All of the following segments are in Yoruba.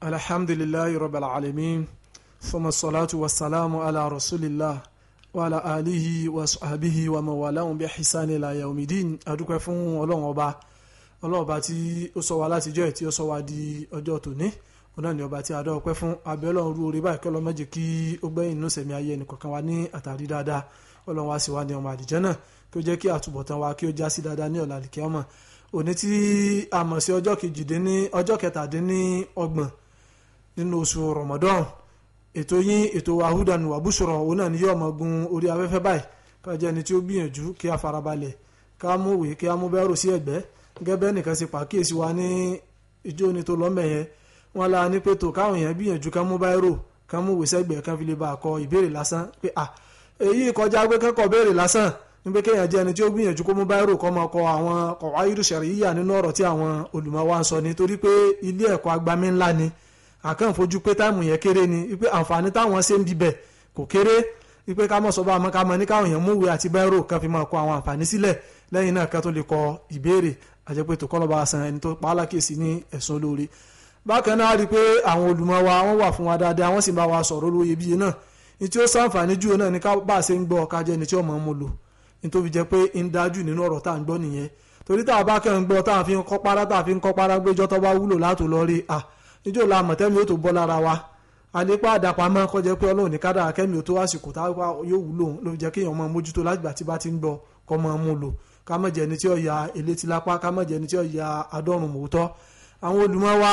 alhamdulillahi rabbil alamin fama salatu wa salamu ala rasulillah wa ala alihi wa sahabihi wa mawalahun bi ahisani ila yaumidin adúpẹ́ fún ọlọ́run ọba ọlọ́run ọba tí ó sọ wa láti jọ́ ẹ̀ tí ó sọ wa di ọjọ́ tòní ọ̀nà ni ọba tí a dọ́ọ̀pẹ́ fún abẹ́ ọlọ́run rú orí báyìí kọ́lọ́ méjì kí ó gbẹ̀yìn inú sẹ̀mí ayé ẹnìkọ̀ọ̀kan wa ní àtàrí dáadáa ọlọ́run wa sì wá ní ọmọ àdìjẹ́ náà kí ó jẹ́ kí àtúbọ̀tán wa kí ó já sí dáadáa ní ọ̀làlìkẹ́ ọmọ òní tí a mọ̀ sí ọjọ́ kejìdínní ọjọ́ kẹtàdínní ọgbọ̀n nínú oṣù Ramadan ètò yín ètò wahudan wabusoro òun náà ni yóò máa gun orí afẹ́fẹ́ báyìí ká jẹ́ ẹni tí ó gbìyànjú kí a farabalẹ̀ ká mú òwe kí a mú bẹ́rù sí ẹ̀gbẹ́ gẹ́gẹ́ bẹ́ẹ̀ nìkan ṣe pàkíyèsí wa ní ìjó ni tó lọ́mẹ̀ yẹn la ní pẹ̀tọ́ káwọn èèyàn gbìyànjú ká mú bẹ́rù ká mú òwe sẹ́gbẹ̀ẹ́ ká fi lè bá a kọ ìbéèrè lásán pé à èyí kọjá pé kẹ́kọ̀ọ́ béèrè lásán nígbà kéèyàn jẹ́ ẹni tí ó gbìyànjú kó mú báírò kọ́ máa kọ àwọn kọ̀wáyírù ṣẹ̀ríyà nínú ọ̀rọ̀ tí àwọn olùmọ̀ ń sọ ni torí pé ilé ẹ̀kọ́ agbami ńlá ni àkànfojú pé táìmù yẹn kéré ni wípé àǹfààní táwọn ṣe ń bíbẹ̀ kò kéré wípé ká mọ̀ sọ́ba àmọ́ ká mọ̀ ní káwọn èèyàn múwèé àti bẹ́ẹ̀rò kan fi máa kọ àwọn àǹfààní sílẹ̀ lẹ́yìn náà kan tó lè kọ ìbéèrè àjẹpẹ́ tó kọ́lọ́ba san ẹni tó pa á lákèsí ní ẹ̀sùn olóore. bákan náà rí i pé àwọn olùmọ̀ wa wọ́n wà fún wa dáadáa wọ́n sì bá wa sọ̀rọ̀ olóye bíi náà ní tí ó a níjó la mọ̀tẹ́mi ó tó bọ́ lára wa àdépá àdàpamọ́ kọjá pé ọlọ́run ní kádàrá kẹ́mi ò tó àsìkò táwa yóò wúlò ló jẹ́ kéèyàn máa mójútó látìgbà tí bá ti ń gbọ́ kọ́ máa mú lò ká má jẹ́ ẹni tí ó ya elétí lápá ká má jẹ́ ẹni tí ó ya adọ́run mòótọ́ àwọn olùmọ̀ wa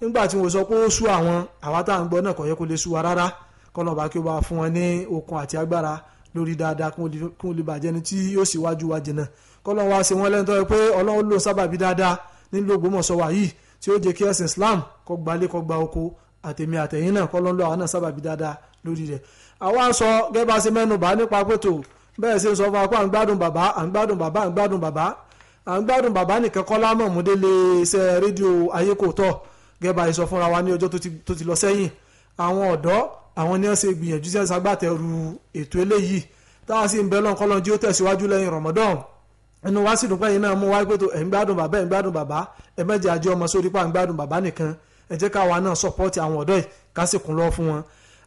nígbà tí wọ́n sọ pé ó sú àwọn àwa tá à ń gbọ́ náà kò yẹ kó lè sú wa rárá kọ́nọ̀bá kí ó bá fún wọn ní okun àti agbára lórí dáadáa kí wọ́n lè bàjẹ́ ni tí yóò síwájú wa jìnnà kọ́nọ̀ wa ṣe wọ́n lẹ́nu tó yẹ pé ọlọ́run lò sábàbí dáadáa nílùú Ògbómọ̀ṣọ́ wa yìí tí ó jẹ́ kí ẹ̀sìn Islam kó gbalé kó gba oko àtẹ̀mí àtẹ̀yìn náà kọ́lọ́lọ́ àwọn náà sábàbí dáadáa lórí rẹ̀ àwa sọ gẹ́gẹ́ bá ṣe mẹ́nu bá nípa pẹ̀tò bẹ́ẹ̀ ṣe ń sọ fún wa pé à ń gbádùn bàbá à ń gbádùn bàbá à ń gbádùn bàbá à ń gbádùn bàbá nìkan kọ́lá mọ̀múdé lè ṣe rédíò ayé kò tọ̀ gẹ́gẹ́ bá ṣe sọ fúnra wa ní ọjọ́ tó ti lọ sẹ́yìn àwọn ọ̀dọ́ àwọn ni wọ́n ṣe gbìyànjú sí ẹ̀sàgbàtẹ̀rù ètò eléyìí táwa sì ń bẹ́ lọ́nkọ́lọ́njú ó tẹ̀síwájú lẹ́yìn Ramadan ẹnu wá sí ìdúpẹ́ yìí náà mú wáyé pé tó ẹ̀ ń gbádùn bàbá ẹ̀ ń gbádùn bàbá ẹ mẹ́jẹ àjẹ ọmọ sórí pa ń gbádùn bàbá nìkan ẹ jẹ́ káwa náà sọ́pọ́ọ̀tì àwọn ọ̀dọ́ yìí ká sì kún lọ fún wọn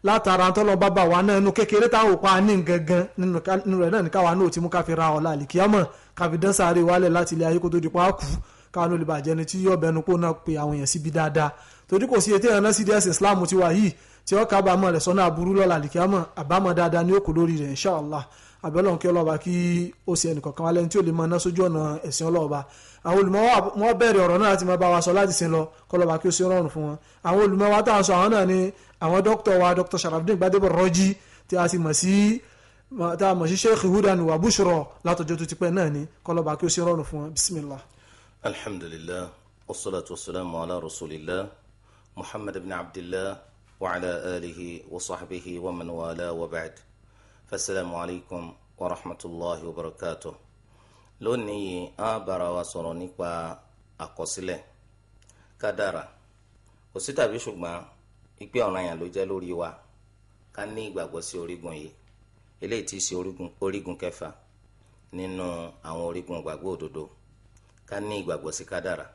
látara tọ́lọ́ bàbá wa náà ẹnu kékeré táwọn òpa ní gangan nínú rẹ̀ náà ní káwa náà ti mú káfi ra ọ̀la àlìkíyàmọ̀ káfi dán sáré wálẹ̀ láti ilé ayé kó tó di pa Islam tiwa yìí tí ó kábàámọ̀ rẹ̀ sọ́nà aburú lọ́la àlìkíyàmọ̀ àbámọ̀ dáadáa ní òkú àbí ọlọ́run kí ọlọ́ba kí ó ṣe ẹnìkọ̀ọ̀kan alẹ́ tí ó lè máa ná sójú ọ̀nà ẹ̀sìn ọlọ́ọ̀ba àwọn olùmọ̀ bẹ̀rẹ̀ ọ̀rọ̀ náà láti máa bá wa sọ láti sin lọ kọlọ́ba kí ó ṣe rọrùn fún wọn àwọn olùmọ̀ tá à sọ àwọn náà ni àwọn dókítà wa dr sharafdin gbadebo rọjí tí a ti mọ̀ sí tá a mọ̀ sí sheikh hudan wa bushro látọjọ́ tó ti pẹ́ náà ni kọlọ́ba kí ó ṣe rọrùn fún wọn bismillah. alhamdulillah wasalaatu wasalaamu ala rasulillah muhammad ibn abdillah wa ala alihi wa sahbihi wa man wa ba'd asalaamu alaykum wa rahmatulahi wa barakatu lónìí a bára wa sọ̀rọ̀ nípa àkọsílẹ̀ kádàrà kò sí tàbí ṣùgbọ́n ìpè ọ̀ranyàn ló jẹ́ lórí wa ká ní ìgbàgbọ́ sí orígun yìí eléyìí tí í ṣe orígun kẹfà nínú àwọn orígun ìgbàgbọ́ òdodo ká ní ìgbàgbọ́ sí kádàrà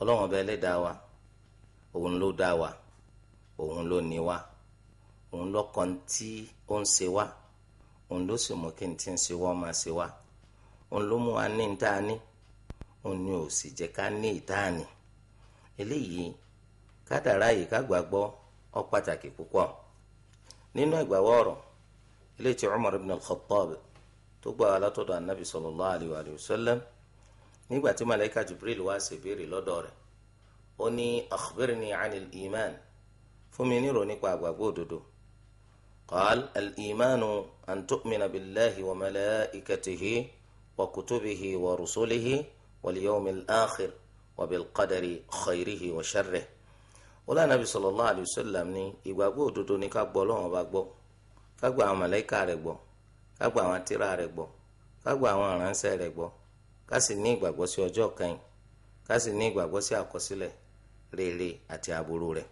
ọlọ́run ọba ẹlẹ́dàá wa òun ló dá wa òun ló ní wa òun lọ́kàn tí ó ń ṣe wa òun ló sì mú kí n ti ń ṣe wọ́n máa ṣe wá òun ló mú wa ní ìta ní òun ni ò sì jẹ́ ká ní ìta ní eléyìí kádàrá yìí ká gbàgbọ́ ọ pàtàkì púpọ̀ nínú ìgbàwọ́ ọ̀rọ̀ eléyìí tí Umar ibn al-Khattab tó gbà wá látọ̀dọ̀ anabi sallallahu alayhi wa nígbà tí malayika Jibril wá ṣe béèrè lọ́dọ̀ rẹ̀ ó ní akhbirni anil iman fún mi nírò nípa àgbàgbọ́ òdodo qal al-imanu an tu'mina billahi wa malaikatihi wa kutubihi wa rusulihi wal yawmil akhir wa bil qadari khayrihi wa sharrihi wọ́lá nàbì sallallahu alayhi wa sallam ní ìgbàgbọ́ òdodo ni ká gbọ́ Ọlọ́run bá gbọ́ ká gba àwọn màláíkà rẹ̀ gbọ́ ká gba àwọn tírà rẹ̀ gbọ́ ká gba àwọn aránṣẹ́ rẹ̀ gbọ́ ká sì ní ìgbàgbọ́ sí ọjọ́ kẹyìn ká sì ní ìgbàgbọ́ sí àkọsílẹ̀ rere àti aburú rẹ̀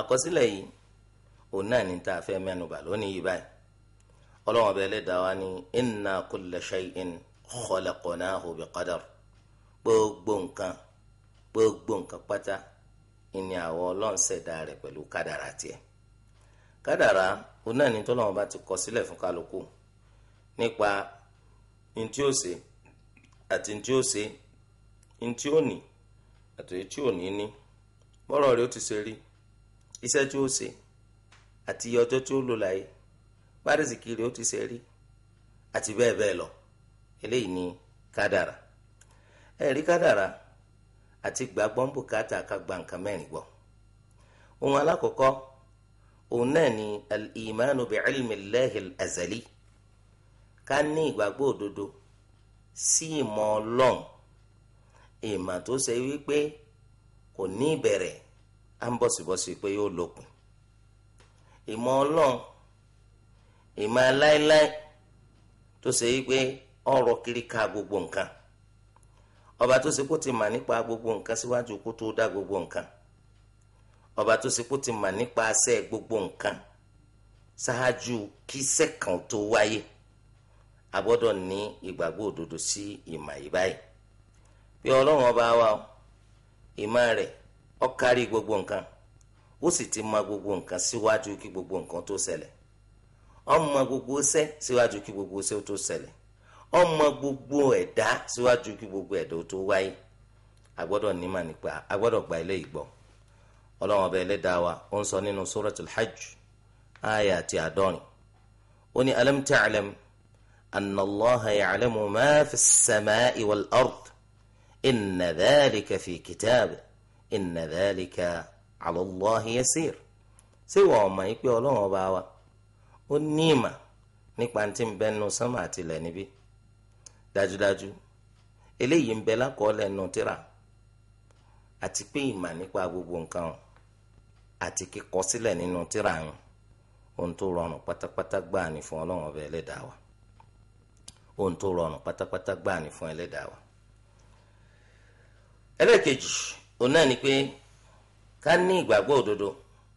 àkọsílẹ̀ yìí òun náà ní tá a fẹ́ mẹ́nubà lónìí yìí báyìí ọlọ́run ọba ẹlẹ́dàá wa ní inna kulla shay'in khalaqnahu bi qadar gbogbo nǹkan gbogbo nǹkan pátá ìní àwọn ọlọ́run ṣẹ̀dá rẹ̀ pẹ̀lú kádàrà tiẹ̀ kádàrà òun náà ní tọ́lọ́run bá ti kọ sílẹ̀ fún kálukú nípa ntí ó ṣe àti ntí ó ṣe ntí ó ní àti ntí ó ní ní bọ́rọ̀ rẹ̀ ó ti ṣe rí iṣẹ́ tí ó ṣe àti iye ọjọ́ tí ó lò láyé párẹ́sì kiri ó ti ṣe rí àti bẹ́ẹ̀ bẹ́ẹ̀ lọ eléyìí ni kádàrà ẹ̀rí kádàrà àti gbàgbọ́ ń bùkátà ká gba nǹkan mẹ́rin gbọ́ ohun alákọ̀ọ́kọ́ òun náà ni al-imanu bi'ilmi Allahi ká ní ìgbàgbọ́ òdodo sí ìmọ̀ ọlọ́run ìmọ̀ tó ṣe wípé kò ní ìbẹ̀rẹ̀ á ń bọ̀sibọ̀si pé yóò lópin ìmọ̀ ọlọ́run ìmọ̀ aláíláí tó ṣe pé ọrọ̀ kiri gbogbo nǹkan ọba tó ṣe kó ti mà nípa gbogbo nǹkan síwájú kó tó dá gbogbo nǹkan ọba tó ṣe kó ti mà nípa gbogbo nǹkan ṣáájú kí sẹ́kàn tó wáyé ní ìgbàgbọ́ òdodo sí ìmọ̀ yìí báyìí bí ọlọ́run ọba wa ìmọ̀ rẹ̀ ọ kárí gbogbo nǹkan ó sì ti mọ gbogbo nǹkan síwájú kí gbogbo nǹkan tó ṣẹlẹ̀ ó mọ gbogbo ṣẹ́ síwájú kí gbogbo ṣẹ́ tó ṣẹlẹ̀ ó mọ gbogbo ẹ̀dá síwájú kí gbogbo ẹ̀dá tó wáyé a gbọ́dọ̀ nímọ̀ nípa a gbọ́dọ̀ gba ilé ìgbọ́ ọlọ́wọ́n ọba ẹlẹ́dàá wa ó ń sọ nínú suratul hajj aya àti àádọ́rin ó ní alam ta'lam anna Allaha ya'lamu ma fi as-sama'i wal-ard inna dhalika fi kitab inna alallahi yasir ṣé ìwà ọmọ yìí pé ọba wa ó ní ìmà nípa tí ń bẹ nínú àti ilẹ̀ níbí dájúdájú eléyìí ń bẹ nù tíra àti pé ìmà nípa gbogbo nǹkan àti kíkọ nínú tíra ohun tó rọrùn pátápátá ní fún ọba wa ohun tó rọrùn pátápátá ní fún wa ká ní ìgbàgbọ́ òdodo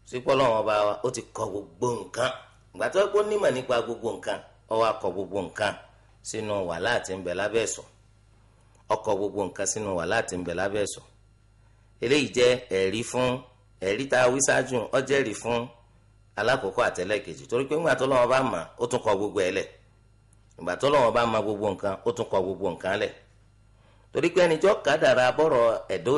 sípò lọ́wọ́ bá wa ó ti kọ gbogbo nǹkan ìgbà tó kó nímọ̀ nípa gbogbo nǹkan ó wá kọ gbogbo nǹkan sínú wà láti ń bẹ lábẹ́ ẹ̀sọ́ gbogbo nǹkan sínú ń bẹ lábẹ́ ẹ̀sọ́ eléyìí jẹ́ ẹ̀rí fún ẹ̀rí tá a wí ṣáájú jẹ́rìí fún alákòókò àtẹlẹ́kejì torí pé ńgbà tó bá ma gbogbo nǹkan ó tún kọ gbogbo nǹkan lẹ̀ torí pé ẹnìjọ́ bọ́rọ̀ ẹ̀dọ́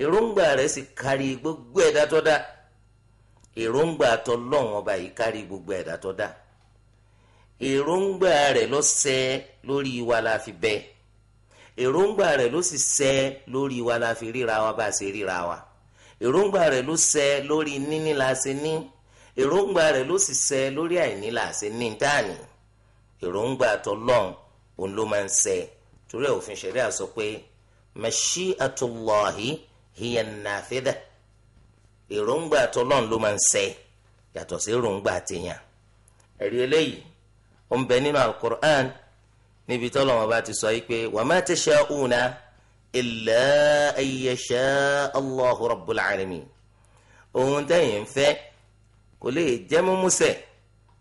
èròǹgbà rẹ̀ sì kárí gbogbo ẹ̀dá tó dá èròǹgbà tọlọ́run ọba yìí kárí gbogbo ẹ̀dá tó dá èròǹgbà rẹ̀ ló ṣẹ lórí wa la fi bẹ èròǹgbà rẹ̀ ló sì ṣẹ lórí wa la fi ríra wa bá a ṣe ríra wa èròǹgbà rẹ̀ ló ṣẹ lórí níní la ṣe ní èròǹgbà rẹ̀ ló sì ṣẹ lórí àìní la ṣe ní dáàní èròǹgbà tọlọ́run òun ló máa ń ṣẹ torí òfin ṣẹ̀ríà sọ pé mashi'atullahi hiya nafida èròǹgbà tọlọ́n ló máa ń ṣẹ yàtọ̀ sí èròǹgbà tèèyàn ẹ̀rí eléyìí ó ń bẹ nínú alukur'an níbi tọ́lọ́ wọn bá ti sọ yìí pé wa ma tasha'una illa an yasha Allahu rabbul alamin ohun tẹ́yìn ń fẹ́ kò lè jẹ́ mímúṣẹ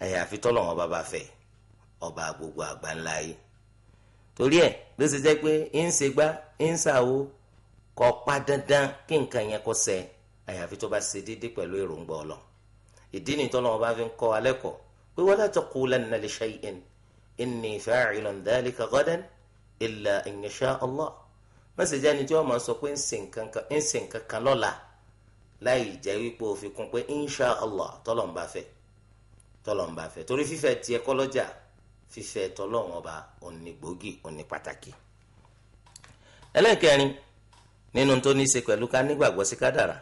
àyàfi tọ́lọ́ wọn bá fẹ́ ọba gbogbo àgbáńlá yìí torí ẹ̀ ló ṣe jẹ́ pé ń ṣe gbá ń ṣàwo kò pa dandan kí nǹkan yẹn kó ṣẹ àyàfi tó bá ṣe déédé pẹ̀lú èròǹgbà ọlọ ìdí ni tọ́lọ́ wọn bá fi ń kọ́ alẹ́ kọ́ pé wala taqulanna li shay'in inni fa'ilun dhalika ghadan illa in yasha Allah má ṣe jẹ́ni tí wọ́n máa sọ pé ń ṣe nǹkan lọ́la láì jẹ́ wípé o kún pé insha Allah tọ́lọ̀ ń bá fẹ́ tọ́lọ̀ ń bá fẹ́ torí fífẹ́ tiẹ̀ kọ́lọ́jà fífẹ́ tọ́lọ̀ wọn bá òní gbòógì òní nínú tó ní í ṣe pẹ̀lú ká nígbàgbọ́ sí kádàrà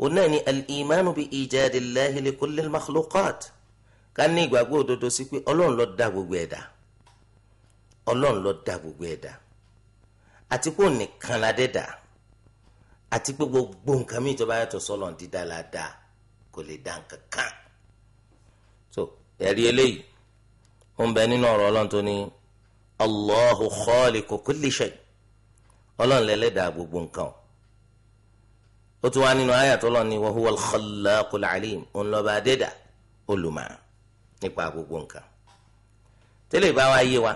òun náà ni al-imanu bi ijadillahi li kulli al-makhluqat ká ní ìgbàgbọ́ òdodo sí pé ọlọ́run ló dá gbogbo ẹ̀dá ọlọ́run ló dá gbogbo ẹ̀dá àti pé òun nìkan la dé dá àti pé gbogbo nǹkan mìíràn tó bá yàtọ̀ sọ́lọ́run dídá la dá kò lè dá nǹkan kan so ẹ̀rí eléyìí ó ń bẹ nínú ọ̀rọ̀ ọlọ́run tó ní Allahu khaliqu kulli shay' ọlọ́run lẹ́lẹ́dàá gbogbo nǹkan ó tún wá nínú àyà tó lọ ní wa huwal khallaqul alim òun lọ́ba adẹ́dà olùmọ̀ nípa gbogbo nǹkan tẹ́lẹ̀ bá wa yé wa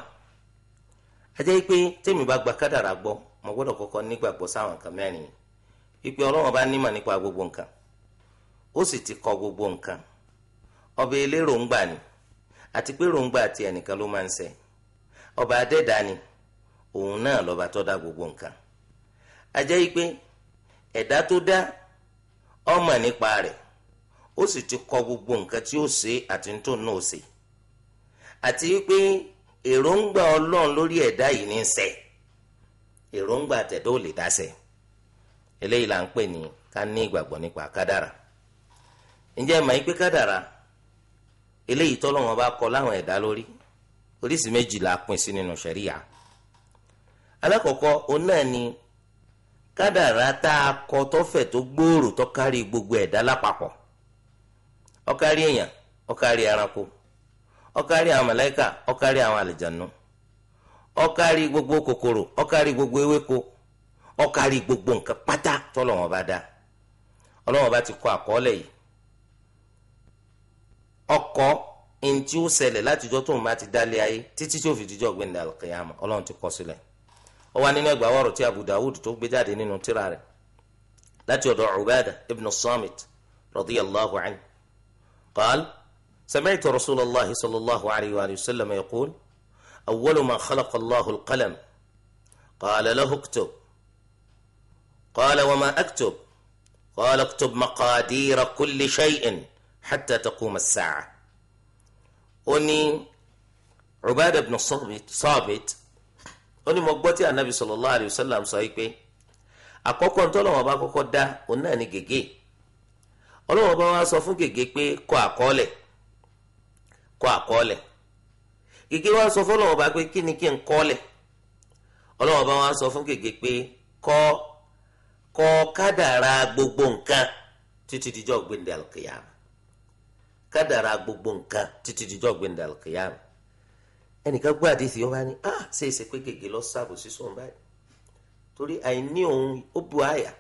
ajẹ́ pé tèmi bá gba kádàrà gbọ́ mo gbọ́dọ̀ kọ́kọ́ nígbàgbọ́ sáwọn nǹkan mẹ́rin ìpè ọlọ́run bá nímọ̀ nípa gbogbo nǹkan ó sì ti kọ gbogbo nǹkan ọba eléròǹgbà ni àti pé ròǹgbà àti ẹnìkan ló máa ń ṣe ọba adẹ́dà ni òun náà lọ́ba tó da gbogbo nǹkan a jẹ́ pé ẹ̀dá tó dá ó nípa rẹ̀ ó sì ti kọ gbogbo nǹkan tí ó ṣe àti tó náà ṣe àti pé èròǹgbà ọlọ́run lórí ẹ̀dá yìí ní yi èròǹgbà tẹ̀dọ́ ò lè dáṣẹ eléyìí là ń pè ní ká ní ìgbàgbọ́ nípa kádàrà ǹjẹ́ ẹ mọ̀ pé kádàrà eléyìí tọ́lọ́wọ́n bá kọ láwọn ẹ̀dá lórí la sí nínú alákọ̀ọ́kọ́ òun náà ni kádàrá tá a kọ tó fẹ̀ tó gbòòrò tó kárí gbogbo ẹ̀dá lápapọ̀ ó kárí èèyàn ó kárí ẹranko ó kárí àwọn màláíkà ó kárí àwọn àlìjànú ó kárí gbogbo kòkòrò ó kárí gbogbo ewéko ó kárí gbogbo nǹkan pátá tọ́lọ́wọ́n bá dá ọlọ́wọ́n bá ti kọ àkọọ́lẹ̀ yìí ọkọ̀ ẹni tí ó ṣẹlẹ̀ látijọ́ tóun bá ti dálé ayé títí tí ó fi dijọ́ gbẹ̀ndà àlùkìyàmọ̀ ọlọ́run ti kọ sílẹ̀. ó wà nínú ẹgbàá ọ̀rọ̀ tí Abu Dawud tó gbé jáde nínú tírà rẹ̀ láti ọ̀dọ̀ Ubada ibn Samit radiyallahu anhu qaal sami'tu rasulallah sallallahu alayhi wa sallam yaqul awwalu ma khalaqa Allahu al-qalam qaala lahu uktub قال وما أكتب قال اكتب مقادير كل شيء حتى تقوم الساعة saa oni Ubadah ibn Samit ó ní mo gbọ́ tí anabi sallallahu alayhi wa sọ pé àkọ́kọ́ ntọ́lọ́wọ́n bá kọ́kọ́ dá òun náà ní gègé bá kọ àkọọ́lẹ̀ kọ àkọọ́lẹ̀ gègé wá sọ fún ọlọ́wọ́n bá pé kí ni kí n kọ kọ gbogbo nǹkan títí dijọ́ ẹnìkan gbọ́ àdìsí ọba ni ah ṣe ṣe pé gègé lọ sáàbò sísun báyìí torí àìní òun ó bu àyà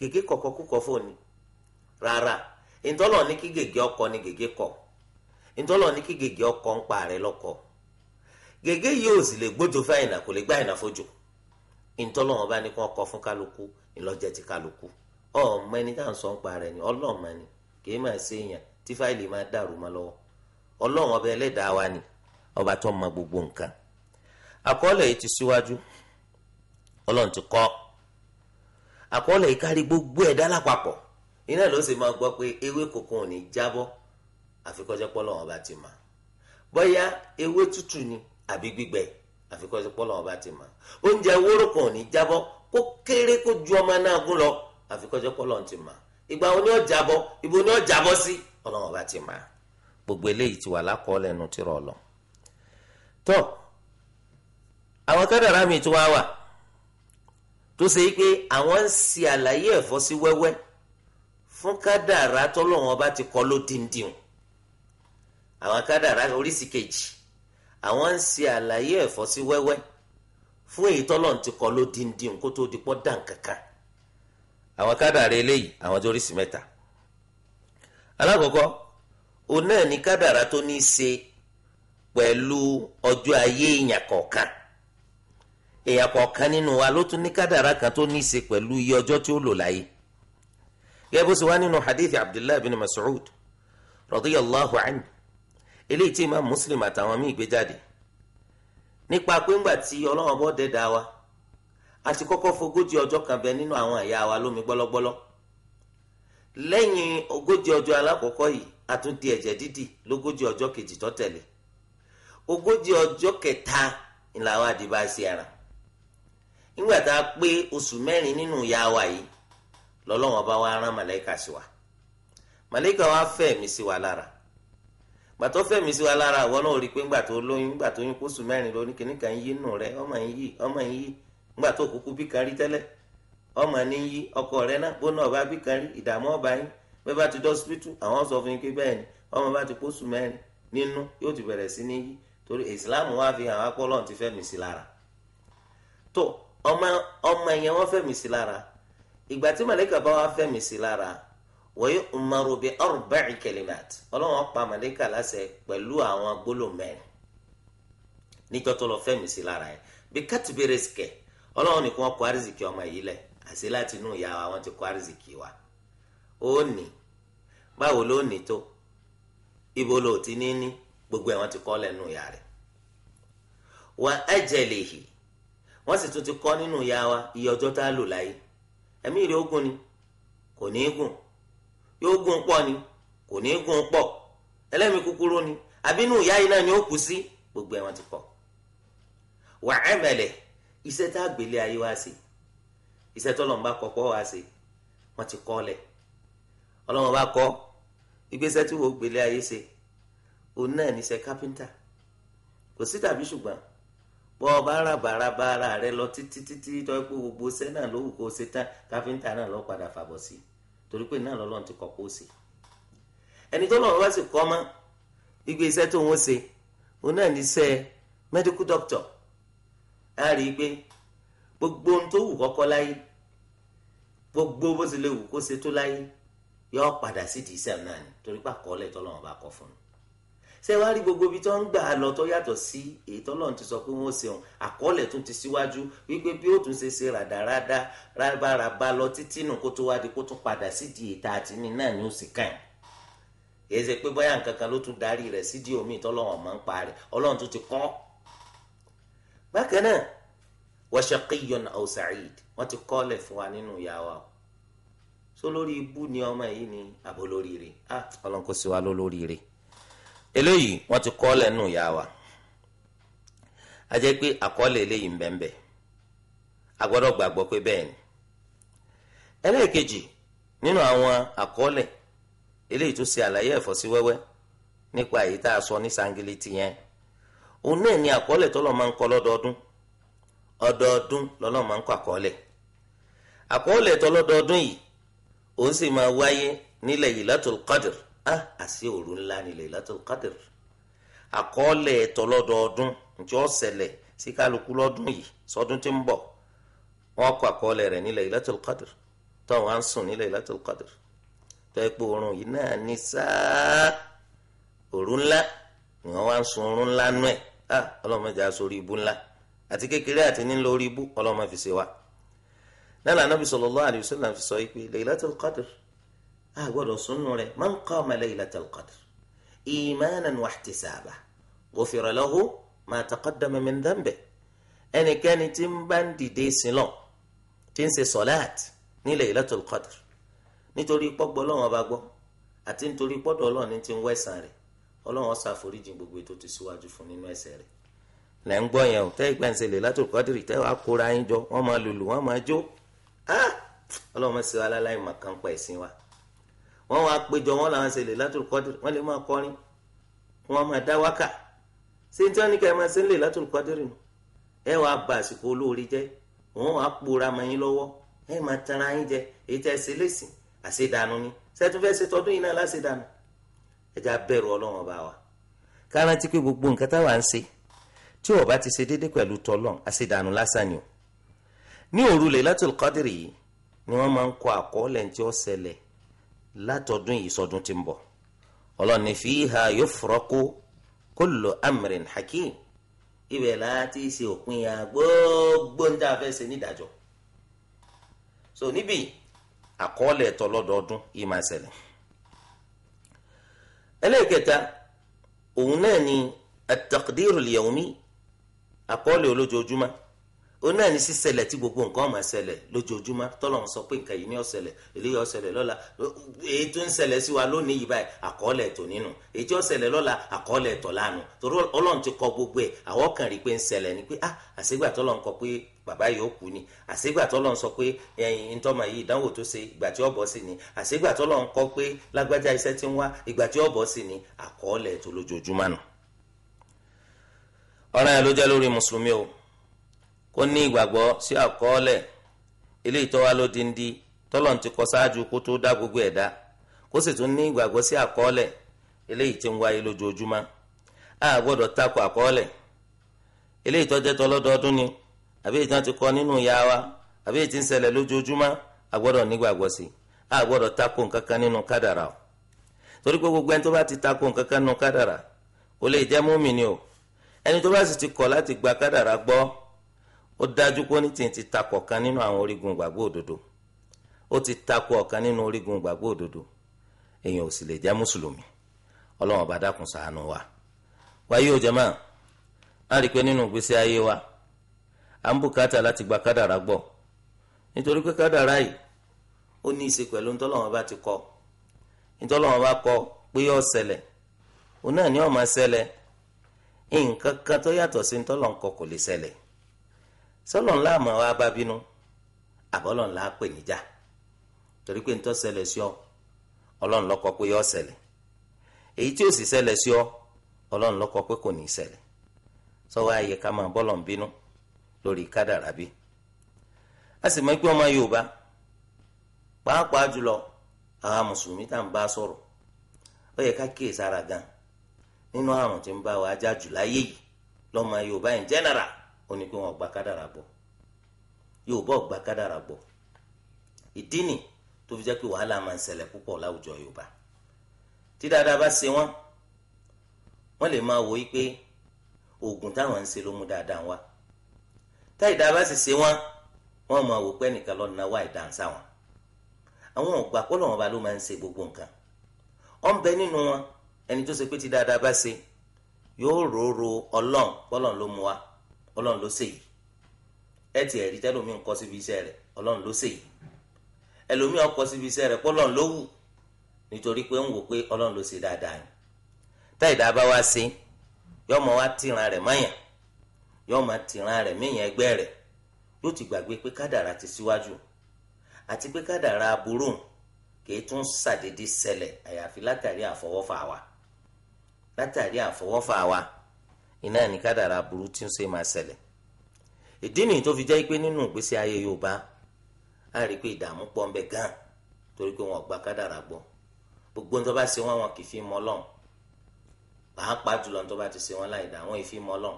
gègé kọ̀kọ́ kúkọ́ fóònù rárá ìtọ́lọ̀ ní kí gègé ọkọ ni gègé kọ ìtọ́lọ̀ ní kí gègé ọkọ ń pa rẹ lọ́kọ gègé yìí sì lè gbójú kò lè gbá àyìnà ìtọ́lọ̀ kọ fún kálukú ti ni ọlọ́ọ̀mọ ni kì í máa ṣe èèyàn tí fáìlì máa dàrú lọ́wọ́ wa ni ọba tó mọ gbogbo nǹkan àkọọ́lẹ̀ yìí ti síwájú ọlọ́run ti kọ́ àkọọ́lẹ̀ yìí kárí gbogbo ẹ̀dá lápapọ̀ iná ló sì máa gbọ́ pé ewé kòkó ò ní jábọ́ àfikọ́jẹ́ pọ́lọ́ ọba ti mọ̀ bóyá ewé tútù ni àbí gbígbẹ àfikọ́jẹ́ pọ́lọ́ ọba ti mọ̀ oúnjẹ wóró kan ò ní jábọ́ kó kéré kó ju ọmọ náà gún lọ àfikọ́jẹ́ pọ́lọ́ ti mọ̀ ìgbà wo ni ó jábọ́ ibo ni ó jábọ́ sí ọlọ́run ọba ti mọ̀ gbogbo eléyìí ti wà lákọọ́lẹ̀ nu tìrọ̀ ọlọ́run tó àwọn kádàrá mi tó wá wà tó ṣe pé àwọn ń ṣe àlàyé ẹ̀fọ́ sí wẹ́wẹ́ fún kádàrá tọ́lọ́wọ́n bá ti kọ́ ló dìndìn àwọn kádàrá oríṣi kejì àwọn ń ṣe àlàyé ẹ̀fọ́ sí wẹ́wẹ́ fún èyí tọ́lọ́n ti kọ́ ló dìndìn kó tó di pọ́ dàn kankan àwọn kádàrá eléyìí àwọn tó oríṣi mẹ́ta alákọ̀ọ́kọ́ òun náà ni kádàrá tó ní í ṣe pẹ̀lú ọjọ́ ayé èèyàn kọ̀ọ̀kan èèyàn kọ̀ọ̀kan nínú wa ló tún ní kádàrá kan tó ní í ṣe pẹ̀lú iye ọjọ́ tí ó lò láyé gẹ́gẹ́ bó ṣe wá nínú hadith abdullahi bin mas'ud radiyallahu anhu eléyìí tí imam muslim àtàwọn míì gbé jáde nípa pé ńgbà tí ọlọ́wọ́n bọ́ dẹ́dá wa a ti kọ́kọ́ fogójì ọjọ́ kan bẹ nínú àwọn ẹ̀yà wa lómi gbọ́lọ́gbọ́lọ́ lẹ́yìn ogójì ọjọ́ alákọ̀ọ́kọ́ yìí a ẹ̀jẹ̀ dídì lógójì ọjọ́ kejì tó ogójì ọjọ́ kẹta làwọn àdìbà sí ara nígbà tá a pé oṣù mẹ́rin nínú ìyá wa yìí lọ́lọ́wọ́n bá wa rán màlẹ́kà sí wa màlẹ́kà wa fẹ̀mí sí wa lára gbàtọ́ fẹ̀mí sí wa lára àwọn náà rí i pé ńgbà tó lóyún ńgbà tó yún kóṣù mẹ́rin lóní yí nù rẹ ọmọ yí ọmọ yí ọkọ rẹ náà ọba yín bẹ́ẹ̀ bá ti àwọn sọ fún yín pé bẹ́ẹ̀ ni ọmọ bá ti kóṣù mẹ́rin torí islam wá fi hàn wápọ̀ lọ́n ti fẹ́mi sí lára tó ọmọ ọmọ yẹn wọ́n fẹ́mi sí lára ìgbà tí màlẹ́kà bá wá fẹ́mi sí lára wọ́n umaru bi arba'i kalimat ọlọ́wọ́n pa màlẹ́kà láṣẹ pẹ̀lú àwọn gbólómẹ́rin níjọ́ tó lọ fẹ́mi sí lára yẹn bí kátìbí rìsíkẹ̀ ọlọ́wọ́n nìkan kọ́ àrísìkì ọmọ yìí lẹ̀ àti láti inú ìyá wa wọ́n ti kọ́ àrísìkì wa ó ní báwo ló ní tó ibo ló ti ní ní gbogbo ẹ̀ wọ́n ti kọ́ lẹ́nu ìyá rẹ̀ wà wọ́n sì tún ti kọ nínú ìyá wa iye ọjọ tá a lò láyé ẹ̀mí rẹ̀ ogun ni kò ní í gùn yóò gùn pọ̀ ni kò ní í pọ̀ ẹlẹ́mìí kúkúrú ni ìyá yìí náà ni ó kù gbogbo ti wà tá a gbélé ayé sí sí ti tí òun náà níṣẹ́ kápẹ́ńtà kò sí tàbí ṣùgbọ́n bọ́ ọ bá rà bàrà bàrà rẹ lọ títí títí tọ́ pé gbogbo iṣẹ́ náà ló wù kó ṣe tán kápẹ́ńtà náà lọ padà fàbọ̀ sí torí pé náà lọ́lọ́run ti kọ́ kó ṣe ẹni tó lọ́wọ́ sì kọ́ mọ́ igbe iṣẹ́ tó ń ṣe òun náà níṣẹ́ medical doctor á rí i pé gbogbo ohun tó wù kọ́kọ́ láyé gbogbo bó ti lè wù kó ṣe tó láyé yọ padà sídìí iṣẹ́ náà ni torí pé àkọọ́lẹ̀ tọ́lọ́run bá kọ fún un ṣé wàá rí gbogbo ibi tó ń gbà lọ tó yàtọ̀ sí èyí tó lọ́n ti sọ pé wọ́n ṣeun àkọọ́lẹ̀ tún ti síwájú wípé bí ó tún ṣe ṣe ràdàràdà rábàràbà lọ títí nù kó tó wá di kó tún padà sídìí ètà àtìní náà ni ó sì kàn yìí ṣe pé bóyá nǹkan kan ló tún darí rẹ̀ sídìí omi tọ́lọ́wọ̀n máa ń pa rẹ̀ ọlọ́run tún ti kọ́ bákan náà wa shaqiyyun aw sa'id wọ́n ti kọ́lẹ̀ fún wa nínú ìyá wa sólórí ibú ni ọmọ yìí ni àbólóríire ah ọlọ́run kò sí wa lólóríire eléyìí wọ́n ti kọ lẹ́nu ìyá wa a jẹ́ pé àkọọ́lẹ̀ eléyìí ń bẹ́ẹ̀ bẹ́ẹ̀ a gbọ́dọ̀ gbàgbọ́ pé bẹ́ẹ̀ ni ẹlẹ́ẹ̀kejì nínú àwọn àkọọ́lẹ̀ eléyìí tó ṣe àlàyé ẹ̀fọ́ sí wẹ́wẹ́ nípa èyí tá a sọ ní sangiliti yẹn òun náà ni àkọọ́lẹ̀ tọ́lọ̀ máa ń kọ lọ́dọọdún ọdọọdún lọ́lọ́ máa ń kọ àkọọ́lẹ̀ àkọọ́lẹ̀ tọ́lọ́dọọdún yìí òun sì máa wáyé nílẹ̀ Laylatul Qadr ah àṣé òru ńlá ni Laylatul Qadr àkọọ́lẹ̀ ẹ̀tọ́ ǹjẹ́ ó ṣẹlẹ̀ sí kálukú lọ́dún yìí sọdún tí ń bọ̀ wọ́n kọ àkọọ́lẹ̀ rẹ̀ ní Laylatul Qadr táwọn á ń sùn tó ẹ pé yìí náà ní sáà òru ńlá ni wọ́n wá ń sun oorun ńlá nú ẹ̀ ah ọlọ́mọdé aṣorí ibú ńlá àti wa. náà bí sallallahu a gbọ́dọ̀ súnú rẹ̀ man qama laylatal qadr imanan wahtisaba ghufira lahu ma taqaddama min dhanbi ẹnikẹ́ni tí ń bá ń dìde sílọ̀ tí ń ṣe sọ́láàt ní laylatul qadr nítorí pọ́gbọ́ lọ́wọ́n bá gbọ́ àti nítorí pọ́dọ̀ ọlọ́run ní ti ń wẹ̀sán rẹ̀ ọlọ́run ṣàforíjì gbogbo ètò ti síwájú fún nínú ẹ̀ṣẹ̀ rẹ̀ lẹ́ ń gbọ́ yẹn o tẹ́ ìgbà ń ṣe laylatul qadr tẹ́ wàá kóra yín jọ wọ́n máa lùlù wọ́n máa jó ah! ọlọ́run sì wá láláì màkàn pa ẹ̀sìn wa wọ́n wá péjọ wọn làwọn ṣẹlẹ̀ látòlù kọ́dìrì wọ́n lè máa kọrin wọ́n máa dá wákà ṣé tí wọ́n ní ká ẹ máa ṣe ń lè látòlù kọ́dìrì nù ẹ wàá ba àsìkò olóore jẹ́ wọ́n wàá pòórá mọ́ yín lọ́wọ́ ẹ máa tanra yín jẹ èyí tẹ́ ẹ ṣe lẹ́sìn àṣedànù ni ṣẹ́túfẹ́ ṣe tọdún yìí náà láṣedànù ẹja bẹ̀rù ọlọ́run ọba wa kárántí pé gbogbo nǹkan táwa ń ṣe tí ó ti ṣe déédé pẹ̀lú tọlọ́n àṣedànù lásán ni o ní òru Lailatul Qadri yìí ni wọ́n máa ń kọ àkọọ́lẹ̀ tí ó látọdún yìí sọdún tí ń bọ̀ ọlọ́ni fiha yufraqu kullu amrin hakim ibẹ̀ láti ṣe òpin ya gbogbo ń dáa fẹ́ ṣe so níbi àkọọ́lẹ̀ ẹ̀tọ́ lọ́dọọdún yìí máa ṣẹlẹ̀ ẹlẹ́ẹ̀kẹta òun náà ni at-taqdirul yawmi àkọọ́lẹ̀ olójoojúmọ́ òun náà ní sísẹlẹ̀ tí gbogbo nǹkan máa ṣẹlẹ̀ lójoojúmọ́ tọ́lọ́run sọ pé nǹkan yìí ní sele ṣẹlẹ̀ eléyìí ó lọla lọ́la èyí tó ń ṣẹlẹ̀ sí wa lónìí yìí báyìí àkọọ́lẹ̀ tó nínú èyí tí ó ṣẹlẹ̀ lọ́la lánàá torí ti kọ gbogbo ẹ̀ àwọn kan rí i pé ń ṣẹlẹ̀ ni pé ah àṣegbà kọ pé bàbá yìí ó kú ni àṣegbà tọ́lọ́run sọ pé ẹyin ntọ́mọ yìí ìdánwò tó ṣe ìgbà tí ó bọ́ sí ni àṣegbà kọ kó ní ìgbàgbọ́ sí àkọọ́lẹ̀ eléyìí wa wá lódindi tọ́lọ̀ ti kọ sáájú kó tó dá gbogbo ẹ̀dá kó sì tún ní ìgbàgbọ́ sí àkọọ́lẹ̀ eléyìí ń wáyé a gbọ́dọ̀ takò àkọọ́lẹ̀ tọlọ́dọọdún ni àbí ti kọ nínú ìyá wa àbí ń ṣẹlẹ̀ lójoojúmọ́ a gbọ́dọ̀ nígbàgbọ́ sí a gbọ́dọ̀ takò nínú o torí gbogbo ẹni ti takò nínú kádàrà kò lè jẹ́ ni o ẹni tó bá sì ti gba kádàrà gbọ́ ó dájú pé onítìyìn ti takò ọ̀kan nínú àwọn orígun ìgbàgbọ́ òdodo ó ti takò ọ̀kan nínú orígun ìgbàgbọ́ òdodo èèyàn ò sì lè jẹ́ mùsùlùmí ọlọ́run ọba dákun ṣàánú wa wáyé o jàmá a rí i pé nínú ìgbésí ayé wa à ń bùkátà láti gba kádàrá gbọ́ nítorí pé kádàrá yìí ó ní í ṣe pẹ̀lú ntọ́lọ́wọ́n bá ti kọ ntọ́lọ́wọ́n bá kọ pé yóò ṣẹlẹ̀ òun náà ni ó máa ṣẹlẹ̀ nǹkan kan tó yàtọ̀ sí ntọ́lọ́wọ́n kọ kò lè ṣẹlẹ̀ sọlọ ńlá àmọ́ wa bá bínú àbọ̀lọ̀ ńlá pè níjà torí pé ntọ́ ṣẹlẹ̀ sí ọ ọlọ́run ló pé yọ èyí tí ó sì ṣẹlẹ̀ sí ọ ọlọ́run ló pé kò ní ṣẹlẹ̀ sọ́wọ́ ayé ká máa bọ́lọ̀ ń bínú lórí kádàrá bí a sì mọ̀ pé ọmọ Yorùbá pàápàá jùlọ ó ní pé wọn ò gba kádàrà gbọ́ Yorùbá ò gba kádàrà gbọ́ ìdí nì tó fi jẹ́ pé wàhálà máa ń ṣẹlẹ̀ púpọ̀ láwùjọ Yorùbá tí dáadáa bá ṣe wọ́n wọ́n lè máa wò ó pé oògùn táwọn ń ṣe ló mú dáadáa wá táì dáa bá sì ṣe wọ́n wọ́n máa wò pé ẹnìkan lọ náwó àìdáǹsá wọn àwọn ọ̀gbà pọ́lọ̀ wọn ba ló máa ń ṣe gbogbo nǹkan ó ń bẹ nínú wọn ẹni tó ṣe pé tí dáadáa bá ṣe yóò ròóró ọlọ́run pọ́lọ̀ ló mú wa ọlọ́run ló ṣèyí ẹ ti ẹ̀rí tẹ́lómi ń kọ́ síbi iṣẹ́ rẹ̀ ọlọ́run ló ṣèyí ẹlòmí ọkọ̀ síbi iṣẹ́ rẹ̀ pọ́lọ́run ló wù nítorí pé ń wò pé ọlọ́run ló ṣe dáadáa yìí tá ìdá bá wá sí yọ ọmọ wa tìran rẹ̀ mọ́yàn yọ ọmọ tìran rẹ̀ míyàn ẹgbẹ́ rẹ̀ yóò ti gbàgbé pé kádàrá ti síwájú àti pé kádàrá aburú kì í tún ṣàdédé ṣẹlẹ̀ àyàfi látàrí àfọwọ́fà wa látàrí àfọwọ́fà wa iná ní kádàrá burú tí ń ṣe máa ṣẹlẹ̀ ìdí nìyí tó fi jẹ́ pé nínú ìgbésí ayé Yorùbá á rí i pé ìdààmú pọ̀ ń bẹ gan torí pé wọn ò gba kádàrá gbọ́ gbogbo ń tó bá ṣe wọn wọn kì í fi mọ Ọlọ́run pàápàá jùlọ ń tó bá ti ṣe wọn láì dá wọn mọ Ọlọ́run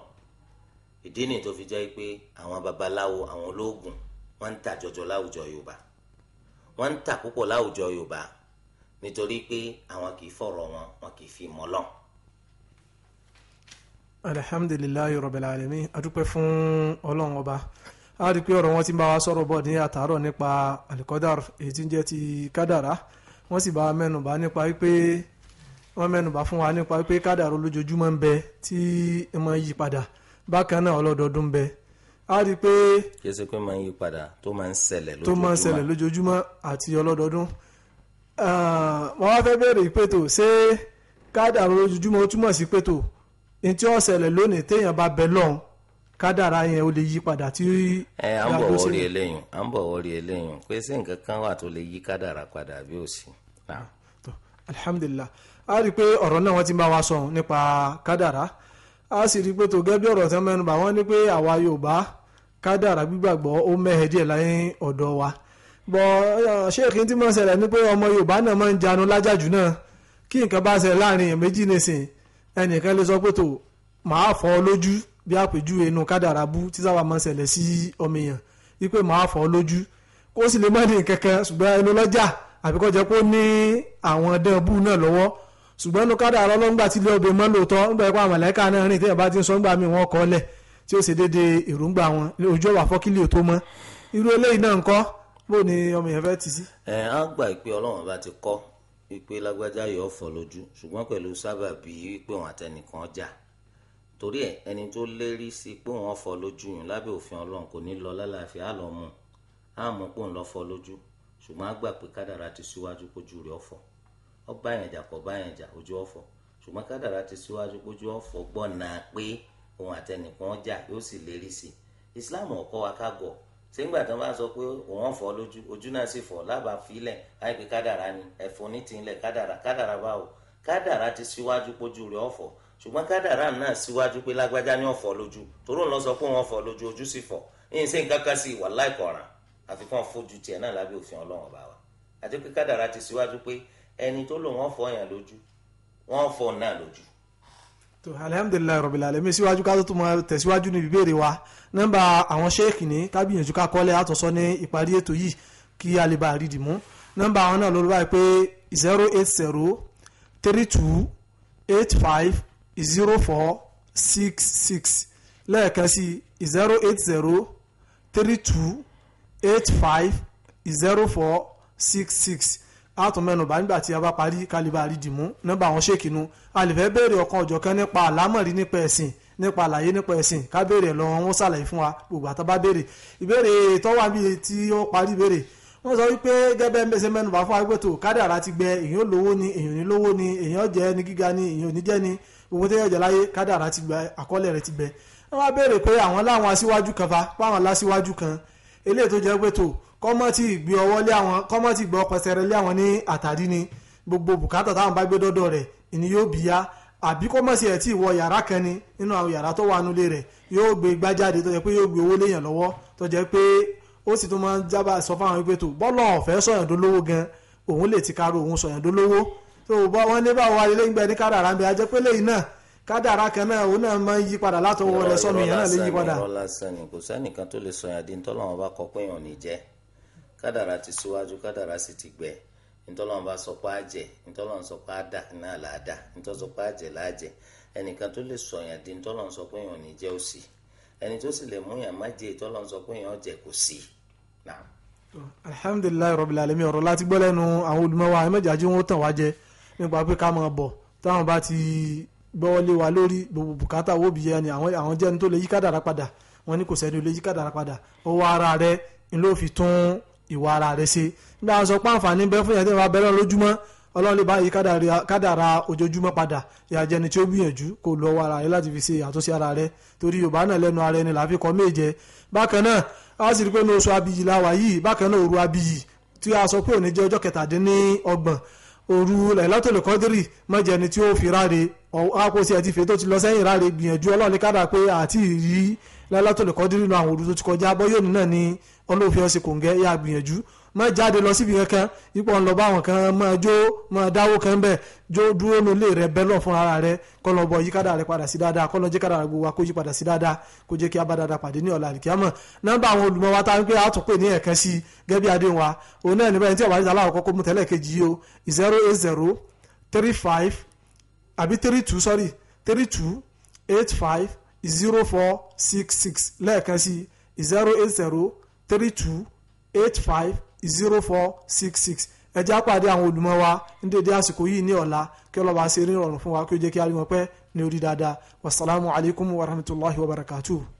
ìdí nìyí tó fi jẹ́ pé àwọn babaláwo àwọn olóògùn wọ́n ń tà jọjọ láwùjọ Yorùbá wọ́n ń tà púpọ̀ láwùjọ Yorùbá nítorí pé àwọn kì í fọ̀rọ̀ wọn wọn kì í fi mọ Ọlọ́run alhamdulilayi rabbil alamin adúpẹ́ fún ọlọ́run ọba a rí wọn ti ń wa sọ̀rọ̀ bọ̀ ní àtàárọ̀ nípa alikọ́dàr èyí tí ń jẹ́ ti kádàrá wọ́n sì bá wa mẹ́nubà nípa wípé wọ́n mẹ́nubà fún wa nípa wípé kádàrá olójoojúmọ́ ń bẹ tí ẹ máa yí padà bákan náà ọlọ́dọọdún ń bẹ a rí i pé. kì í ṣe pé máa ń yí padà tó máa ń ṣẹlẹ̀ lójoojúmọ́ tó máa wá fẹ́ bẹ̀rẹ̀ ìpètò ṣé kádàrá olójoojúmọ́ túmọ̀ sí pètò ní tí ó ṣẹlẹ̀ lónìí téèyàn bá bẹ lọ́hùn kádàrá yẹn ó lè yí padà tí. ẹ à ń bọ̀ wọ́ọ̀rì eléyìn à ń bọ̀ wọ́ọ̀rì eléyìn pé sí nǹkan kan wà tó lè yí kádàrá padà bí ó sì. alhamdulilah a rí i pé ọ̀rọ̀ náà wọ́n ti bá wa sọ nípa kádàrá a sì rí i pé tó gẹ́gẹ́ bí ọ̀rọ̀ tí wọ́n mẹ́nuba wọ́n ní pé àwa Yorùbá kádàrá gbígbàgbọ́ ó mẹ́hẹ̀ díẹ̀ láyé ọ̀dọ̀ wa bọ̀ ṣéèkì tí mo ṣẹlẹ̀ ni pé ọmọ Yorùbá náà máa ń janu ẹnìkan lè sọ pé tó màá fọ́ ọ lójú bí àpèjúwe inú kádàrá bú tí sábà máa ń ṣẹlẹ̀ sí ọmọ èèyàn wípé màá fọ́ ọ lójú kó sì lè má ní kankan ṣùgbọ́n ẹnu lọ́jà àbíkọ́ jẹ́ kó ní àwọn dán bú náà lọ́wọ́ ṣùgbọ́n inú kádàrá ọlọ́ngbà tí ilé ọbẹ̀ mọ́ lóòótọ́ nígbà ẹ̀kọ́ àmọ̀lẹ́kà náà rìn tẹ́yẹ̀ bá ti ń sọ ńgbà mí wọ́n kọ́ lẹ̀ tí ó ṣe déédéé irú ọlọ́run bá ti kọ́ wípé lágbájá yóò fọ́ lójú ṣùgbọ́n pẹ̀lú sábà bí wípé òun àtẹnìkan jà torí ẹ ẹni tó lérí sí pé òun fọ́ lójú yìí lábẹ́ òfin Ọlọ́run kò ní lọ lálàáfíà á lọ mú un á mú pé òun lọ fọ́ lójú ṣùgbọ́n á gbà pé kádàrá ti síwájú kójú rẹ̀ ọ̀fọ̀ ọ bá yẹn jà kọ bá yẹn jà ojú ọ̀fọ̀ ṣùgbọ́n kádàrá ti síwájú kójú ọ̀fọ̀ gbọ́nà pé òun àtẹnìkan jà yóò sì lérí sí Islam ọkọ wa ká sẹ́ńgbà tí wọ́n bá sọ pé wọ́n fọ́ lójú ojú náà sì fọ́ lábàá filẹ̀ àìpé kádàrá ni ẹ̀fọ́ ní tìǹlẹ̀ kádàrá kádàrá báwo kádàrá ti síwájú pójú rẹ̀ ọ̀fọ̀ ṣùgbọ́n kádàrá náà síwájú pé lágbájá ni ọ̀fọ̀ lójú toró ń lọ sọ pé wọ́n fọ́ lójú ojú sì fọ́ ẹ̀yìn sẹ́yìn kankan sí ìwà láìkọ̀ràn àfikún fojú tiẹ̀ náà lábẹ́ òfin ọlọ́run bá wa àti pé kádàrá ti síwájú pé ẹni tó lò wọ́n fọ́ yàn lójú wọ́n fọ́ náà lójú tó alihamudulilayi rọ̀bì lálẹ́mí síwájú ká tó tún máa tẹ̀síwájú níbi ìbéèrè wa nọ́mbà àwọn ṣéèkì ní kábíyànjú ká kọ́lẹ̀ àtọ̀sọ́ ní ìparí ètò yìí kí a lè bá a rí dìmú nọ́mbà àwọn náà lọ́lọ́ báyìí pé zero eight zero three two eight five zero four six six lẹ́ẹ̀kan sí zero eight zero three two eight five zero four six six àtún mẹ́nubà nígbà tí a bá parí kaliba rídìmú nọ́mbà àwọn ṣèkínú a lè fẹ́ béèrè ọ̀kan ọ̀jọ̀kan nípa àlámọ̀rí nípa ẹ̀sìn nípa àlàyé nípa ẹ̀sìn ká béèrè lọ́wọ́ wọn ṣàlàyé fún wa gbogbo àtàbá béèrè ìbéèrè tọ́wọ́ àbí tí ó parí béèrè wọ́n sọ wípé gẹ́gẹ́ bí ṣe mẹ́nubà fún agbẹ́tò kádàrá ti gbẹ èèyàn lówó ni èèyàn ní lówó ni èèyàn jẹ́ ni gíga ni èèyàn ní jẹ́ ni gbogbo tẹ́yọ̀ jẹ́ láyé kádàrá ti gbẹ àkọọ́lẹ̀ rẹ̀ ti gbẹ wọ́n wá béèrè pé àwọn láwọn aṣíwájú kan fa páwọn láṣíwájú kan eléyìí tó jẹ́ pé tó kọ́mọ́tì gbé ọwọ́ lé àwọn kọ́mọ́tì gbé ọpẹsẹrẹ lé àwọn ní àtàdí ni gbogbo bùkátà táwọn bá gbé dọ́dọ̀ rẹ̀ ìní yóò bí yá àbí kọ́mọ́tì ẹ̀ tí ì wọ yàrá kan ni nínú àwọn yàrá tó wà nulẹ̀ rẹ̀ yóò gbé gbájáde tó jẹ́ pé yóò gbé owó léèyàn lọ́wọ́ tó jẹ́ pé ó sì tún máa ń jábà sọ fáwọn wípé tó bọ́lọ̀ ọ̀fẹ́ sọ̀yàn gan òun lè ti karo òun sọ̀yàn tó bọ́ wọn ní báwo wáyé lẹ́yìn gbẹ́ni kádàrá ń bẹ ajẹ́ pé lẹ́yìn náà kádàrá kan náà òun náà máa ń yí padà látọwọ́ rẹ̀ sọ́mi yẹn náà lè yí padà. kadara ti síwájú kadara sì ti gbẹ ntọ́lọ́n bá sọ pé àjẹ ntọ́lọ́n sọ pé àdà náà làádà ntọ́lọ́n sọ pé àjẹ ẹnìkan tó lè di ntọ́lọ́n sọ pé èèyàn ò ní jẹ́ ó sì ẹni tó sì lè mú yàn má jẹ́ ntọ́lọ́n sọ pé èèyàn jẹ́ kò sí. alhamdulilayi rabbil alamin ọ̀rọ̀ láti gbọ́ lẹ́nu àwọn wọn tàn wá jẹ ti wa lórí gbogbo ìwà ara rẹ ṣe nígbà wọn sọ pé àǹfààní bẹ fún yẹn tí wọn bá bẹ̀rẹ̀ lójúmọ́ ọlọ́run lè báyìí kádàrà ojoojúmọ́ padà ìyàjẹni tí ó gbìyànjú kó lọ wọ ara rẹ láti fi ṣe àtúnṣe ara rẹ torí yorùbá náà lẹ́nu ara ẹni làá fi kọ́ méje bákan náà a sì rí pé ní oṣù abiyì la wà yìí bákan náà òru abiyì tí a sọ pé òní jẹ́ ọjọ́ kẹtàdínní ọgbọ̀n Oru lailatul qadri má jẹ́ ẹni tí ó fi ráre àkóso ẹ̀ ti fèé tó ti lọ sẹ́yìn ráre gbìyànjú ọlọ́ọ̀ni kádà pé àti rí lailatul qadri nínú àwọn òru tó ti kọjá bọ́ yóò ní ni ọlọ́ọ̀fẹ́ ọ̀sẹ̀ kò ń gẹ́ yá gbìyànjú má jáde lọ síbi kankan ipò ń lọ bá àwọn kan máa jó máa dáwó kan bẹ́ẹ̀ jó dúró nu ilé rẹ bẹ́ẹ̀ lọ fún ara rẹ kọ́ lọ bọ̀ yíkádà rẹ padà sí dáadáa kọ́ lọ jíkádà rẹ gbogbo wa kó yí padà sí dáadáa kó jẹ́ kí a pàdé ní ọ̀la àlìkíyàmọ̀ nọ́mbà àwọn olùmọ̀ wa tá a ń pè ní ẹ̀kan sí gẹ́bí adé òun náà níbẹ̀ tí àwọn àdìsá aláwọ̀ kọ́kọ́ mú tẹ́lẹ̀ kejì o zero eight zero three five àbí three two sorry three two eight five zero four six six lẹ́ẹ̀kan sí zero eight zero three two eight five zero four six six ẹ já pàdé àwọn olùmọ̀ wa ní dédé àsìkò yìí ní ọ̀la kí ọlọ́ba ṣe rí ìrọ̀rùn fún wa kí ó jẹ́ kí a rí wọn pẹ́ ní orí dáadáa wasalaamu alaykum wa rahmatulahi wa barakatuh.